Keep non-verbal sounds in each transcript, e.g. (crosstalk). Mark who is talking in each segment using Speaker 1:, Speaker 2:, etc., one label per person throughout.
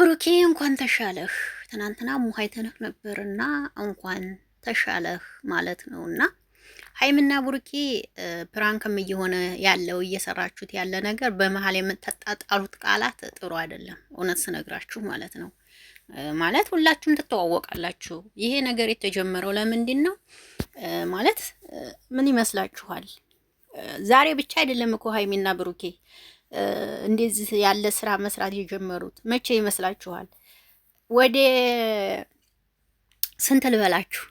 Speaker 1: ብሩኬ እንኳን ተሻለህ። ትናንትና ሙሀይ ነበርና እንኳን ተሻለህ ማለት ነው። እና ሀይምና ብሩኬ ፕራንክም እየሆነ ያለው እየሰራችሁት ያለ ነገር በመሀል የምታጣጣሉት ቃላት ጥሩ አይደለም። እውነት ስነግራችሁ ማለት ነው። ማለት ሁላችሁም ትተዋወቃላችሁ። ይሄ ነገር የተጀመረው ለምንድን ነው ማለት ምን ይመስላችኋል? ዛሬ ብቻ አይደለም እኮ ሀይሚና ብሩኬ እንደዚህ ያለ ስራ መስራት የጀመሩት መቼ ይመስላችኋል? ወደ ስንት ልበላችሁ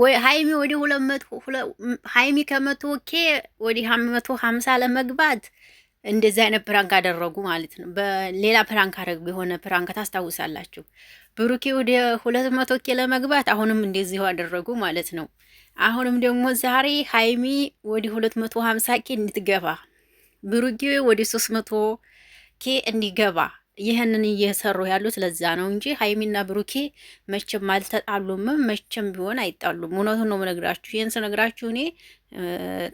Speaker 1: ወይ ሀይሚ ወደ ሁለት መቶ ሀይሚ ከመቶ ኬ ወደ መቶ ሀምሳ ለመግባት እንደዚህ አይነት ፕራንክ አደረጉ ማለት ነው። በሌላ ፕራንክ አረግ የሆነ ፕራንክ ታስታውሳላችሁ። ብሩኬ ወደ ሁለት መቶ ኬ ለመግባት አሁንም እንደዚሁ አደረጉ ማለት ነው። አሁንም ደግሞ ዛሬ ሀይሚ ወደ ሁለት መቶ ሀምሳ ኬ እንድትገባ ብሩጌ ወደ ሶስት መቶ ኬ እንዲገባ ይህንን እየሰሩ ያሉት ለዛ ነው እንጂ ሀይሚና ብሩኬ መቼም አልተጣሉም፣ መቼም ቢሆን አይጣሉም። እውነቱን ነው የምነግራችሁ። ይህን ስነግራችሁ እኔ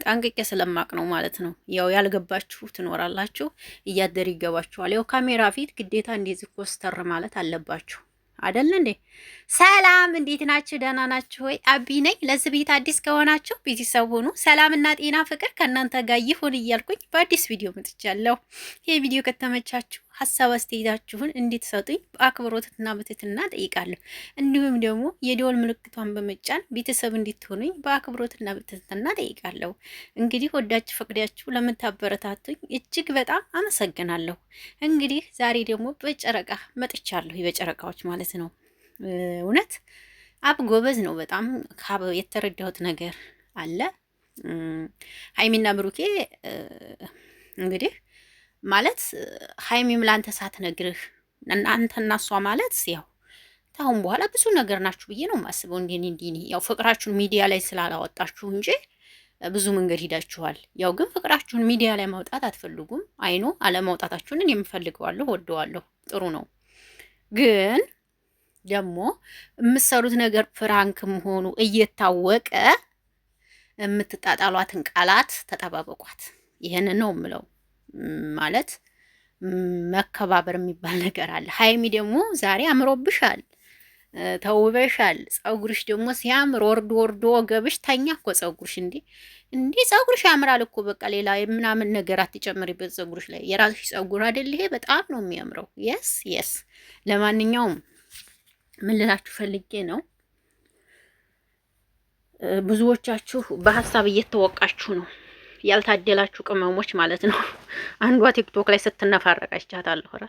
Speaker 1: ጠንቅቄ ስለማቅ ነው ማለት ነው። ያው ያልገባችሁ ትኖራላችሁ፣ እያደር ይገባችኋል። ያው ካሜራ ፊት ግዴታ እንደዚህ ኮስተር ማለት አለባችሁ። አይደል እንዴ? ሰላም እንዴት ናችሁ? ደህና ናችሁ ወይ? አቢ ነኝ። ለዚህ ቤት አዲስ ከሆናችሁ ቤተሰብ ሁኑ። ሰላምና ጤና ፍቅር ከእናንተ ጋር ይሁን እያልኩኝ በአዲስ ቪዲዮ መጥቻለሁ። ይህ ቪዲዮ ከተመቻችሁ ሀሳብ አስተያየታችሁን እንድትሰጡኝ በአክብሮትና በትህትና ጠይቃለሁ። እንዲሁም ደግሞ የደወል ምልክቷን በመጫን ቤተሰብ እንድትሆኑኝ በአክብሮትና በትህትና ጠይቃለሁ። እንግዲህ ወዳችሁ ፈቅዳችሁ ለምታበረታቱኝ እጅግ በጣም አመሰግናለሁ። እንግዲህ ዛሬ ደግሞ በጨረቃ መጥቻለሁ። በጨረቃዎች ማለት ነው። እውነት አብ ጎበዝ ነው። በጣም የተረዳሁት ነገር አለ። ሀይሚና ብሩኬ እንግዲህ ማለት ሀይሚም ለአንተ ሳትነግርህ አንተ እና ማለት ያው ታሁን በኋላ ብዙ ነገር ናችሁ ብዬ ነው የማስበው። እንዲህ እንዲህ ያው ፍቅራችሁን ሚዲያ ላይ ስላላወጣችሁ እንጂ ብዙ መንገድ ሂዳችኋል። ያው ግን ፍቅራችሁን ሚዲያ ላይ ማውጣት አትፈልጉም። አይኖ አለማውጣታችሁንን የምፈልገዋለሁ፣ ወደዋለሁ፣ ጥሩ ነው። ግን ደግሞ የምትሰሩት ነገር ፍራንክ መሆኑ እየታወቀ የምትጣጣሏትን ቃላት ተጠባበቋት። ይህንን ነው የምለው። ማለት መከባበር የሚባል ነገር አለ። ሀይሚ ደግሞ ዛሬ አምሮብሻል፣ ተውበሻል። ፀጉርሽ ደግሞ ሲያምር ወርዶ ወርዶ ወገብሽ ተኛ እኮ ጸጉርሽ እንዲ እንዲህ ፀጉርሽ ያምራል እኮ በቃ ሌላ ምናምን ነገር አትጨምሪበት ጸጉርሽ ላይ የራስሽ ፀጉር አይደል ይሄ በጣም ነው የሚያምረው። የስ የስ ለማንኛውም ምን ልላችሁ ፈልጌ ነው ብዙዎቻችሁ በሀሳብ እየተወቃችሁ ነው። ያልታደላችሁ ቅመሞች ማለት ነው። (laughs) አንዷ ቲክቶክ ላይ ስትነፋረቅ አይቻታለሁ። ኧረ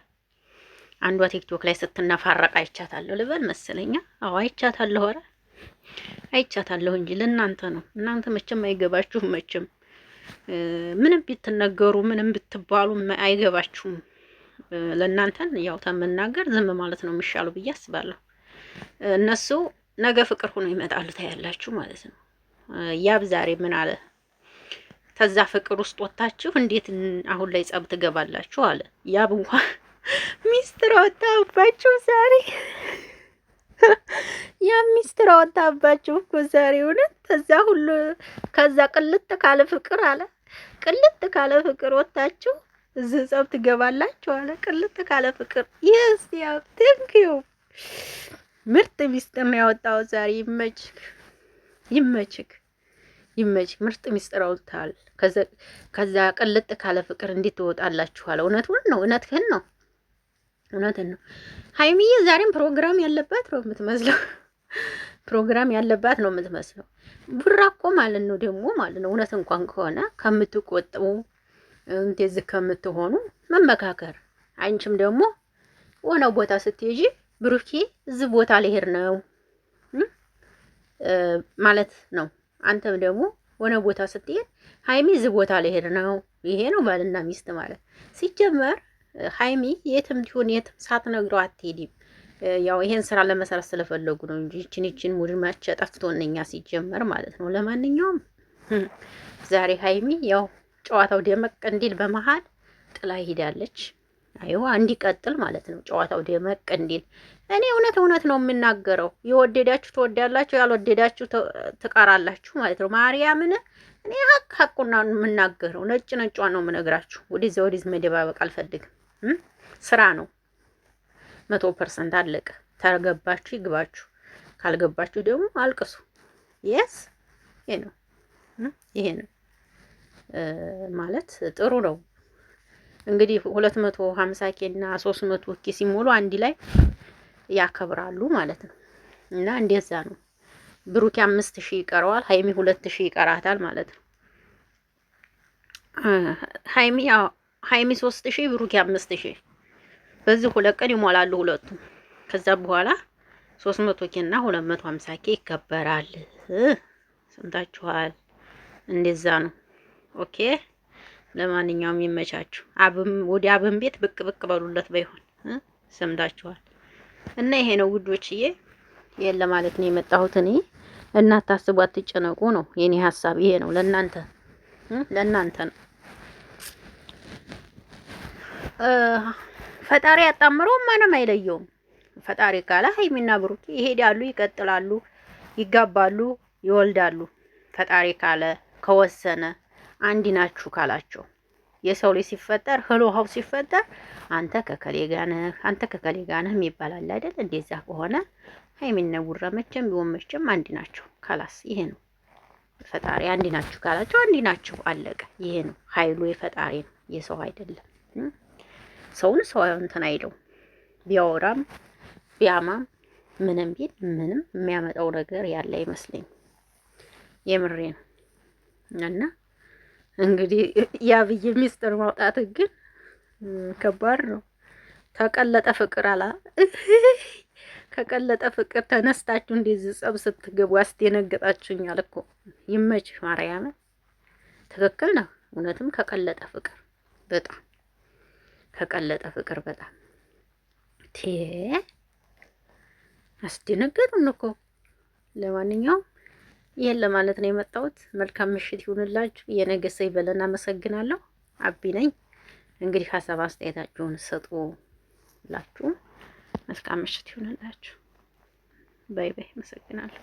Speaker 1: አንዷ ቲክቶክ ላይ ስትነፋረቅ አይቻታለሁ ልበል መሰለኛ። አዎ አይቻታለሁ። ኧረ አይቻታለሁ እንጂ ለእናንተ ነው። እናንተ መቼም አይገባችሁም። መቼም ምንም ብትነገሩ ምንም ብትባሉ አይገባችሁም። ለእናንተን ያው ተመናገር ዝም ማለት ነው የሚሻለው ብዬ አስባለሁ። እነሱ ነገ ፍቅር ሆኖ ይመጣሉ ታያላችሁ ማለት ነው። ያብ ዛሬ ምን አለ ከዛ ፍቅር ውስጥ ወጥታችሁ እንዴት አሁን ላይ ጸብ ትገባላችሁ? አለ ያብ እንኳ (laughs) ሚስትር ወጣባችሁ ዛሬ (laughs) ያ ሚስትር ወጣባችሁ እኮ ዛሬ እውነት። ከዛ ሁሉ ከዛ ቅልጥ ካለ ፍቅር አለ ቅልጥ ካለ ፍቅር ወጥታችሁ እዚህ ጸብ ትገባላችሁ አለ። ቅልጥ ካለ ፍቅር የስ ያው ቴንኪዩ ምርጥ ሚስጥር ነው ያወጣው ዛሬ። ይመችክ ይመችክ። ይመች። ምርጥ ሚስጥር አውጥተሃል። ከዛ ቅልጥ ካለ ፍቅር እንዴት ትወጣላችኋል? እውነቱን ነው። እውነትህን ነው። እውነትን ነው። ሀይሚዬ ዛሬም ፕሮግራም ያለባት ነው የምትመስለው። (laughs) ፕሮግራም ያለባት ነው የምትመስለው። ቡራ እኮ ማለት ነው ደግሞ ማለት ነው እውነት እንኳን ከሆነ ከምትቆጥቡ እንደዚህ ከምትሆኑ መመካከር አንቺም ደግሞ ሆነ ቦታ ስትሄጂ ብሩኬ እዚህ ቦታ ልሄድ ነው ማለት ነው አንተም ደግሞ ሆነ ቦታ ስትሄድ ሀይሚ እዚህ ቦታ ልሄድ ነው፣ ይሄ ነው ባልና ሚስት ማለት ሲጀመር። ሀይሚ የትም ትሁን የትም ሳትነግረው አትሄድም። ያው ይሄን ስራ ለመስራት ስለፈለጉ ነው እንጂ ይችን ይችን ሙድማቸ ጠፍቶን ሲጀመር ማለት ነው። ለማንኛውም ዛሬ ሀይሚ ያው ጨዋታው ደመቅ እንዲል በመሀል ጥላ ሂዳለች። አይዋ እንዲቀጥል ማለት ነው ጨዋታው ደመቅ እንዲል እኔ እውነት እውነት ነው የምናገረው። የወደዳችሁ ትወዳላችሁ፣ ያልወደዳችሁ ትቀራላችሁ ማለት ነው። ማርያምን እኔ ሀቅ ሀቁና የምናገረው ነጭ ነጯን ነው የምነግራችሁ። ወደዚያ ወደዚህ መደባበቅ አልፈልግም። ስራ ነው መቶ ፐርሰንት አለቀ። ተገባችሁ ይግባችሁ፣ ካልገባችሁ ደግሞ አልቅሱ። የስ ይሄ ነው ይሄ ነው ማለት ጥሩ ነው እንግዲህ ሁለት መቶ ሀምሳ ኬ እና ሶስት መቶ ኬ ሲሞሉ አንድ ላይ ያከብራሉ ማለት ነው። እና እንደዛ ነው። ብሩኬ አምስት ሺህ ይቀረዋል፣ ሀይሚ ሁለት ሺህ ይቀራታል ማለት ነው። ሀይሚ ያው ሀይሚ ሶስት ሺህ ብሩኬ አምስት ሺህ በዚህ ሁለት ቀን ይሞላሉ ሁለቱም። ከዛ በኋላ ሶስት መቶ ኬ እና ሁለት መቶ ሀምሳ ኬ ይከበራል። ሰምታችኋል። እንደዛ ነው። ኦኬ። ለማንኛውም ይመቻችሁ። አብም ወደ አብም ቤት ብቅ ብቅ በሉለት ባይሆን ሰምታችኋል። እና ይሄ ነው ውዶችዬ የለ ማለት ነው የመጣሁት እኔ እና ታስቡ አትጨነቁ ነው የኔ ሀሳብ ይሄ ነው ለእናንተ ለእናንተ ነው ፈጣሪ ያጣምረው ማንም አይለየውም ፈጣሪ ካለ ሀይሚና ብሩክ ይሄዳሉ ይቀጥላሉ ይጋባሉ ይወልዳሉ ፈጣሪ ካለ ከወሰነ አንድ ናችሁ ካላቸው የሰው ልጅ ሲፈጠር ህሎ ሀው ሲፈጠር አንተ ከከሌ ጋር ነህ፣ አንተ ከከሌ ጋር ነህ የሚባላል አይደል? እንደዛ ከሆነ ሀይሚና ቡራ መቼም ቢሆን መቼም አንድ ናቸው። ካላስ ይሄ ነው ፈጣሪ አንድ ናችሁ ካላቸው አንድ ናችሁ፣ አለቀ። ይሄ ነው ኃይሉ የፈጣሪ ነው፣ የሰው አይደለም። ሰውን ሰው እንትን አይለው ቢያወራም ቢያማም ምንም ቢል ምንም የሚያመጣው ነገር ያለ አይመስለኝ። የምሬ ነው እና እንግዲህ የአብይ ሚስጥር ማውጣት ግን ከባድ ነው። ተቀለጠ ፍቅር አላ ከቀለጠ (laughs) ፍቅር ተነስታችሁ እንደዚህ ጸብ ስትገቡ አስደነገጣችሁኛል እኮ። ይመች ማርያም፣ ትክክል ነው። እውነትም ከቀለጠ ፍቅር በጣም ከቀለጠ ፍቅር በጣም ቴ አስደነገጡን እኮ ለማንኛውም ይህን ለማለት ነው የመጣሁት። መልካም ምሽት ይሁንላችሁ። የነገሰ ይበለን። አመሰግናለሁ። አቢ ነኝ። እንግዲህ ሀሳብ አስተያየታችሁን ስጡ ላችሁ። መልካም ምሽት ይሁንላችሁ። ባይ ባይ። አመሰግናለሁ።